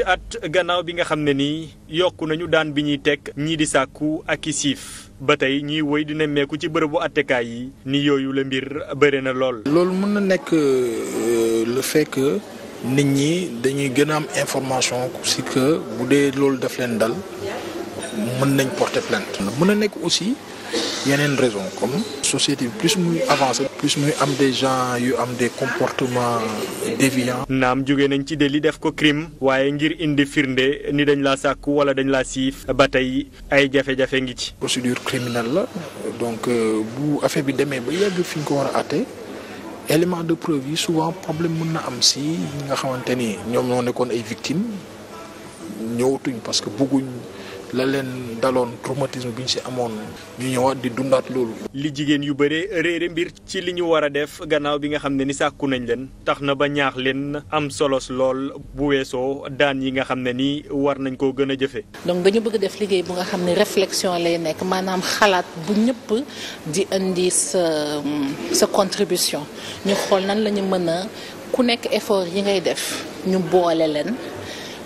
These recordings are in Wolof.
ñetti at gannaaw bi nga xam ne nii yokku nañu daan bi ñuy teg ñii di sàkku ak i siif ba tey ñiy woy di nemmeeku ci bërëbu attekaay yi ni yooyu la mbir bëri na lool. loolu mën na nekk euh, le fait nit ñi dañuy gën a am information si bu dee loolu daf leen dal mën nañ porter plainte. mën na nekk aussi. yeneen raison comme société bi plus muy avancé plus muy am des gens yu am des comportements déviants. naam jóge nañ ci délit def ko crime waaye ngir indi firnde ni dañ laa sàkku wala dañ laa siif ba tey ay jafe-jafe ngi ci. procédure criminelle la donc euh, bu affaire bi demee ba yàgg fi ñu ko war a àtte élément de preuve yi souvent problème mën na am si ñi nga xamante ni ñoom ñoo nekkoon ay victimes ñëwatuñ parce que bëgguñ. la leen daloon traumatisme bi ñu si amoon ñu ñëwaat di dundaat loolu. li jigéen yu bëre réere mbir ci li ñu war a def gannaaw bi nga xam ne ni sàkku nañ leen tax na ba ñaax leen am solos lool bu weesoo daan yi nga xam ne ni war nañ koo gën a jëfee. donc dañu bëgg def liggéey bu nga xam ne réflexion lay nekk maanaam xalaat bu ñëpp di indi sa sa contribution ñu xool nan lañu ñu mën a ku nekk effort yi ngay def ñu boole leen.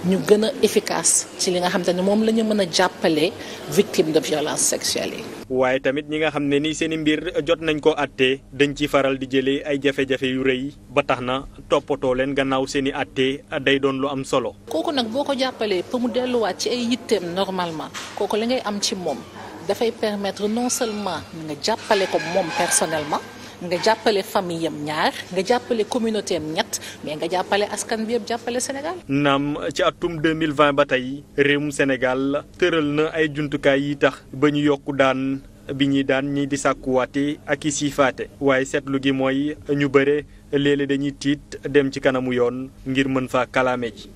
ñu gën a efficace ci li nga xam te ne moom la ñu mën a jàppale victime de violence sexuelle yi. waaye tamit ñi nga xam ne ni seeni i mbir jot nañ ko àttee dañ ci faral di jëlee ay jafe-jafe yu rëy ba tax na toppatoo leen gannaaw seen i àttee day doon lu am solo. kooku nag boo ko jàppalee pour mu delluwaat ci ay yitteem normalement kooku li ngay am ci moom dafay permettre non seulement nga jàppale ko moom personnellement. nga jàppale famille am ñaar nga jàppale communauté am ñett mais nga jàppale askan bi yëpp jàppale Sénégal. naam ci atum 2020 ba tey réewum Sénégal tëral na ay jumtukaay yi tax ba ñu yokk daan bi ñuy daan ñi di sàkkuwaate ak i siifaate waaye seetlu gi mooy ñu bëre léeg dañuy tiit dem ci kanamu yoon ngir mën faa kalaame ji